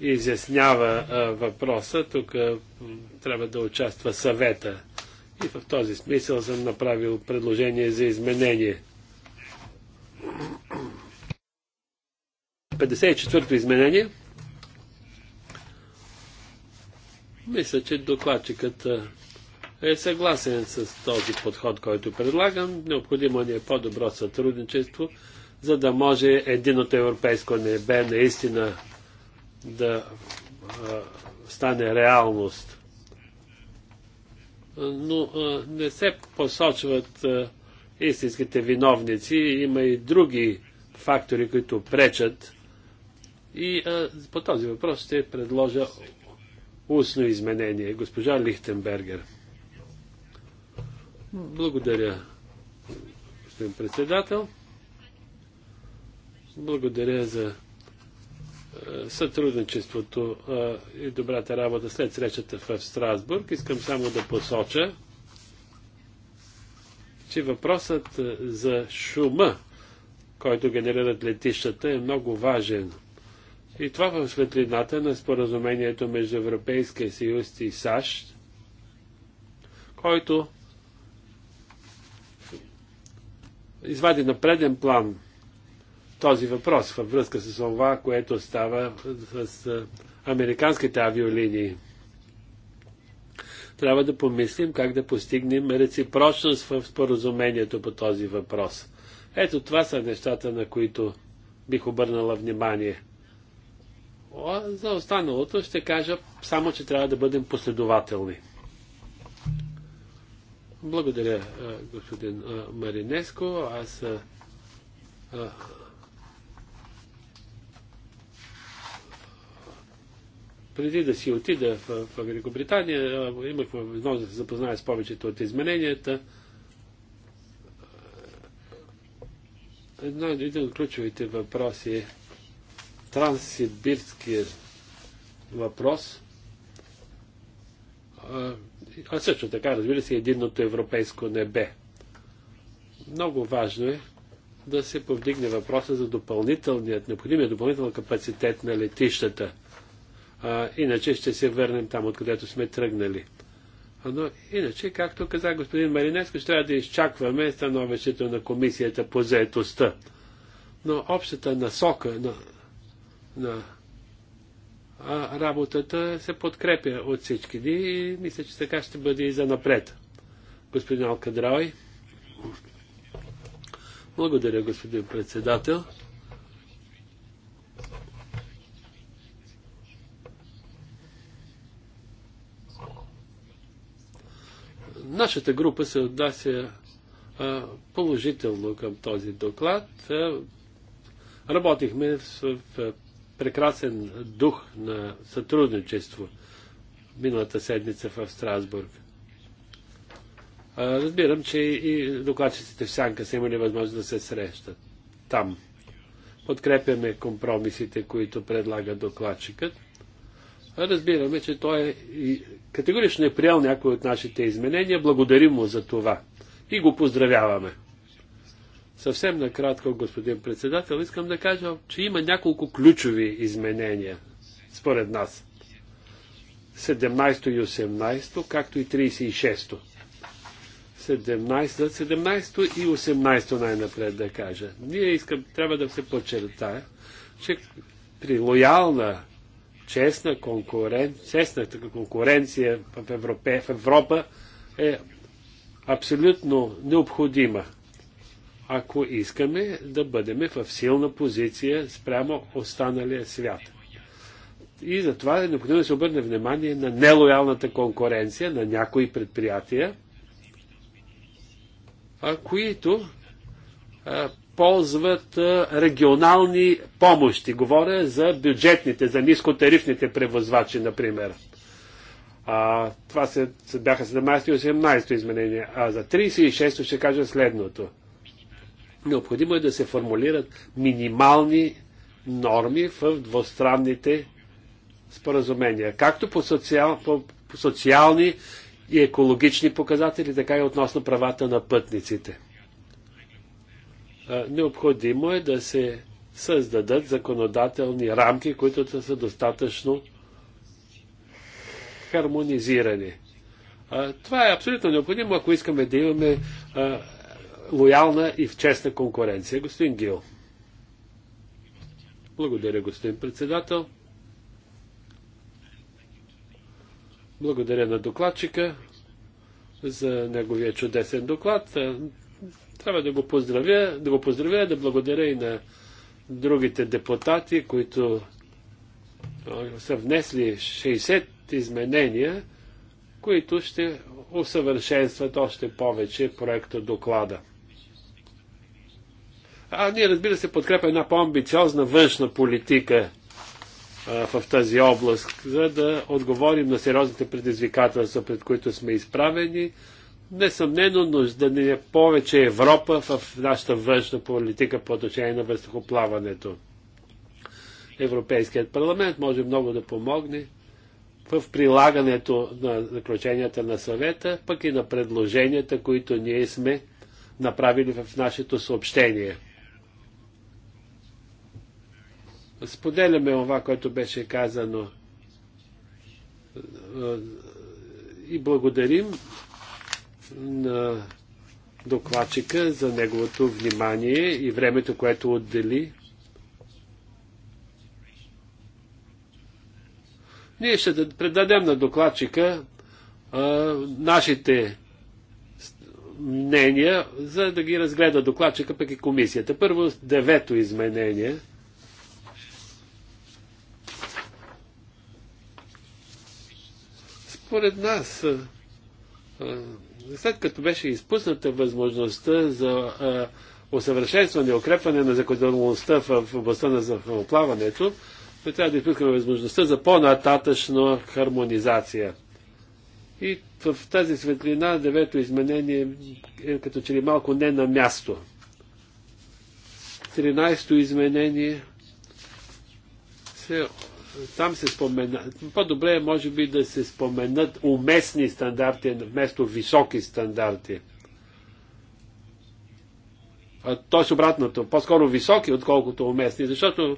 изяснява а, въпроса. Тук а, трябва да участва съвета. И в този смисъл съм направил предложение за изменение. 54-то изменение. Мисля, че докладчикът е съгласен с този подход, който предлагам. Необходимо ни е по-добро сътрудничество, за да може единото европейско небе наистина да а, стане реалност. Но а, не се посочват а, истинските виновници. Има и други фактори, които пречат. И а, по този въпрос ще предложа устно изменение. Госпожа Лихтенбергер. Благодаря, господин председател. Благодаря за е, сътрудничеството е, и добрата работа след срещата в Страсбург. Искам само да посоча, че въпросът е, за шума, който генерират летищата, е много важен. И това в светлината на споразумението между Европейския съюз и САЩ, който извади на преден план този въпрос във връзка с това, което става с американските авиолинии. Трябва да помислим как да постигнем реципрочност в споразумението по този въпрос. Ето това са нещата, на които бих обърнала внимание. За останалото ще кажа само, че трябва да бъдем последователни. Благодаря, господин Маринеско. Аз преди да си отида в, в Великобритания, имах възможност да се запозная с повечето от измененията. Едно един от ключовите въпроси е транссибирския въпрос, а също така, разбира се, единното европейско небе. Много важно е да се повдигне въпроса за допълнителният, необходимия допълнителен капацитет на летищата. А, иначе ще се върнем там, откъдето сме тръгнали. А, но иначе, както каза господин Маринеско, ще трябва да изчакваме становището на комисията по заетостта. Но общата насока на, на работата се подкрепя от всички ни и мисля, че така ще бъде и за напред. Господин Алкадрой. Благодаря, господин председател. Нашата група се отнася положително към този доклад. Работихме в прекрасен дух на сътрудничество миналата седмица в Страсбург. Разбирам, че и докладчиците в Сянка са имали възможност да се срещат там. Подкрепяме компромисите, които предлага докладчикът. Разбираме, че той е категорично е приял някои от нашите изменения. Благодарим му за това и го поздравяваме. Съвсем накратко, господин председател, искам да кажа, че има няколко ключови изменения, според нас. 17 и 18, както и 36. 17, 17 и 18 най-напред да кажа. Ние искам, трябва да се подчертая, че при лоялна, честна конкуренция, честната конкуренция в Европа, в Европа е абсолютно необходима ако искаме да бъдем в силна позиция спрямо останалия свят. И затова е необходимо да се обърне внимание на нелоялната конкуренция на някои предприятия, които ползват регионални помощи. Говоря за бюджетните, за нискотарифните превозвачи, например. А, това се, бяха 17 и 18 изменения. А за 36 ще кажа следното. Необходимо е да се формулират минимални норми в двустранните споразумения, както по, социал, по, по социални и екологични показатели, така и относно правата на пътниците. Необходимо е да се създадат законодателни рамки, които да са достатъчно хармонизирани. Това е абсолютно необходимо, ако искаме да имаме лоялна и в честна конкуренция. Господин Гил. Благодаря, господин председател. Благодаря на докладчика за неговия чудесен доклад. Трябва да го поздравя, да го поздравя, да благодаря и на другите депутати, които са внесли 60 изменения, които ще усъвършенстват още повече проекта доклада. А ние, разбира се, подкрепя една по-амбициозна външна политика в тази област, за да отговорим на сериозните предизвикателства, пред които сме изправени. Несъмнено нужда ни е повече Европа в нашата външна политика по отношение на въздухоплаването. Европейският парламент може много да помогне в прилагането на заключенията на съвета, пък и на предложенията, които ние сме направили в нашето съобщение. Споделяме това, което беше казано и благодарим на докладчика за неговото внимание и времето, което отдели. Ние ще предадем на докладчика а, нашите мнения, за да ги разгледа докладчика, пък и комисията. Първо, девето изменение – Според нас, след като беше изпусната възможността за усъвършенстване и укрепване на законодателността в областта на захвоплаването, трябва да изпускаме възможността за по-нататъчна хармонизация. И в тази светлина девето изменение е като че ли малко не на място. 13-то изменение се там се спомена, по-добре е, може би да се споменат уместни стандарти вместо високи стандарти. А, точно обратното, по-скоро високи, отколкото уместни, защото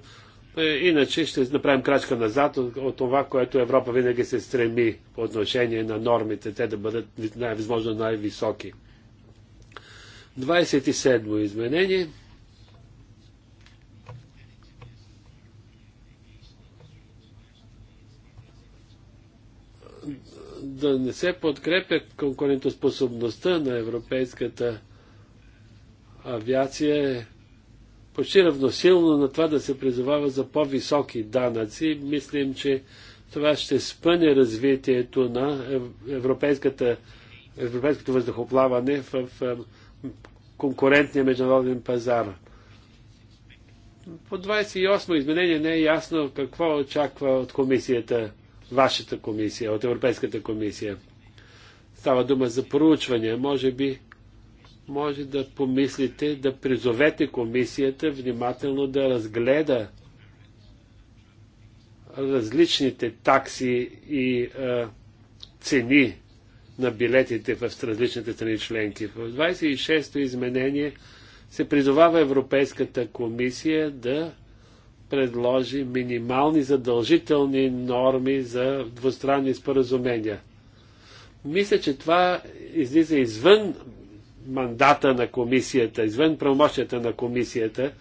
е, иначе ще направим крачка назад от, от това, което Европа винаги се стреми по отношение на нормите, те да бъдат най- възможно най-високи. 27 изменение – да не се подкрепя конкурентоспособността на европейската авиация е почти равносилно на това да се призовава за по-високи данъци. Мислим, че това ще спъне развитието на европейската, европейското въздухоплаване в конкурентния международен пазар. По 28 изменение не е ясно какво очаква от комисията вашата комисия, от Европейската комисия. Става дума за проучване. Може би може да помислите, да призовете комисията внимателно да разгледа различните такси и а, цени на билетите в различните страни членки. В 26-то изменение се призовава Европейската комисия да предложи минимални задължителни норми за двустранни споразумения. Мисля, че това излиза извън мандата на комисията, извън правомощията на комисията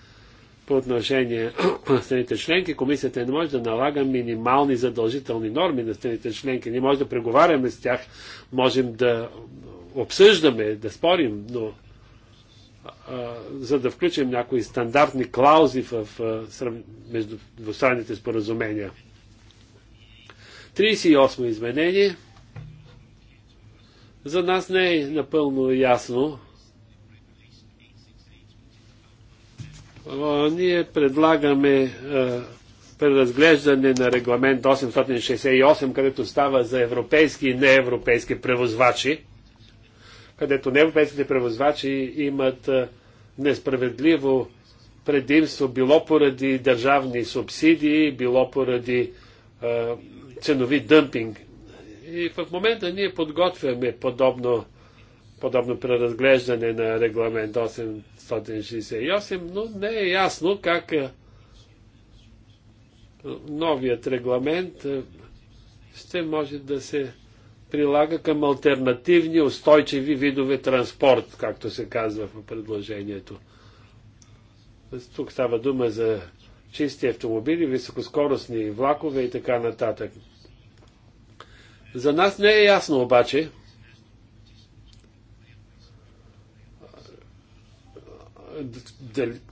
по отношение на страните членки. Комисията не може да налага минимални задължителни норми на страните членки. Не може да преговаряме с тях, можем да обсъждаме, да спорим, но за да включим някои стандартни клаузи в, между двустранните споразумения. 38 изменение. За нас не е напълно ясно. Ние предлагаме преразглеждане на регламент 868, където става за европейски и неевропейски превозвачи където неевропейските превозвачи имат несправедливо предимство, било поради държавни субсидии, било поради а, ценови дъмпинг. И в момента ние подготвяме подобно, подобно преразглеждане на регламент 868, но не е ясно как новият регламент ще може да се прилага към альтернативни, устойчиви видове транспорт, както се казва в предложението. Тук става дума за чисти автомобили, високоскоростни влакове и така нататък. За нас не е ясно обаче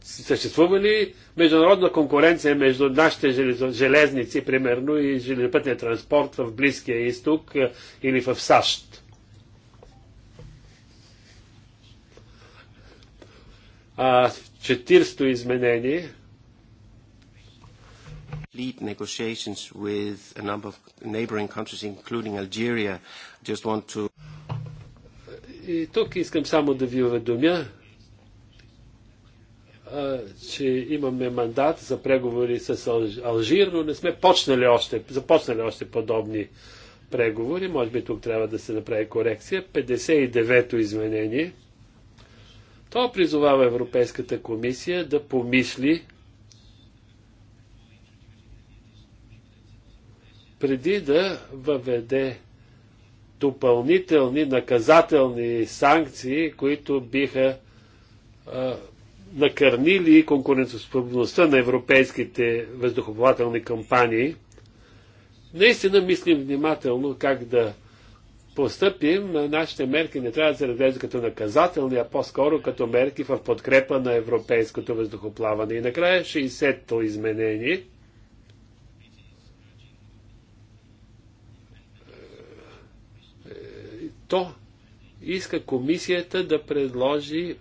съществува ли международна конкуренция между нашите железници, примерно, и железопътния транспорт в Близкия изток е, или в САЩ? А, 40-то изменение. Lead negotiations with a number of neighboring countries, including Algeria. Just want to... И тук искам само да ви уведомя, че имаме мандат за преговори с Алжир, но не сме почнали още, започнали още подобни преговори. Може би тук трябва да се направи корекция. 59-то изменение. То призовава Европейската комисия да помисли преди да въведе допълнителни наказателни санкции, които биха накърнили конкурентоспособността на европейските въздухоплавателни кампании, наистина мислим внимателно как да постъпим. Нашите мерки не трябва да се разглеждат като наказателни, а по-скоро като мерки в подкрепа на европейското въздухоплаване. И накрая 60-то изменение. Е, то иска комисията да предложи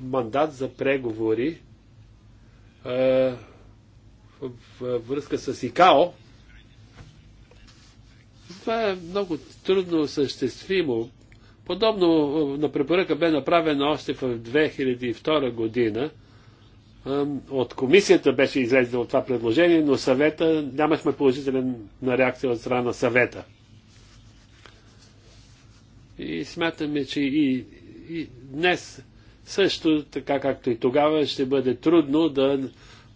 мандат за преговори в връзка с ИКАО. Това е много трудно съществимо. Подобно на препоръка бе направена още в 2002 година. От комисията беше излезено това предложение, но съвета нямахме положителна реакция от страна на съвета. И смятаме, че и, и днес също така както и тогава ще бъде трудно да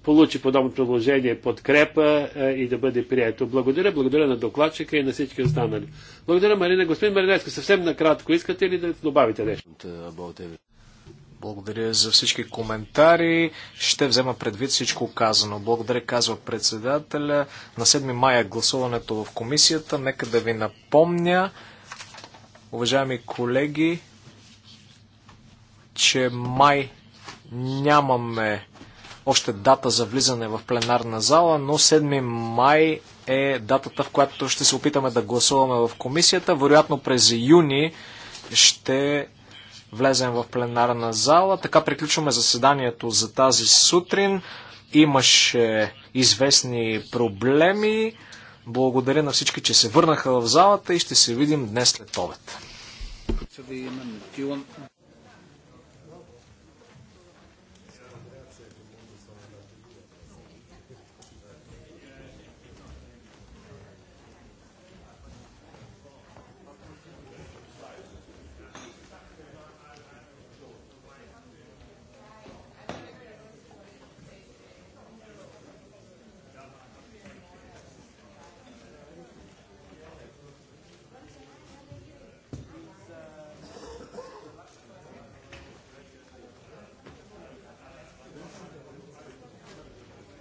получи подобно предложение подкрепа е, и да бъде прието. Благодаря, благодаря на докладчика и на всички останали. Благодаря, Марина. Господин Маринецко, съвсем накратко, искате ли да добавите нещо? Благодаря за всички коментари. Ще взема предвид всичко казано. Благодаря, казва председателя. На 7 мая е гласуването в комисията. Нека да ви напомня, уважаеми колеги, че май нямаме още дата за влизане в пленарна зала, но 7 май е датата, в която ще се опитаме да гласуваме в комисията. Вероятно през юни ще влезем в пленарна зала. Така приключваме заседанието за тази сутрин. Имаше известни проблеми. Благодаря на всички, че се върнаха в залата и ще се видим днес след обед.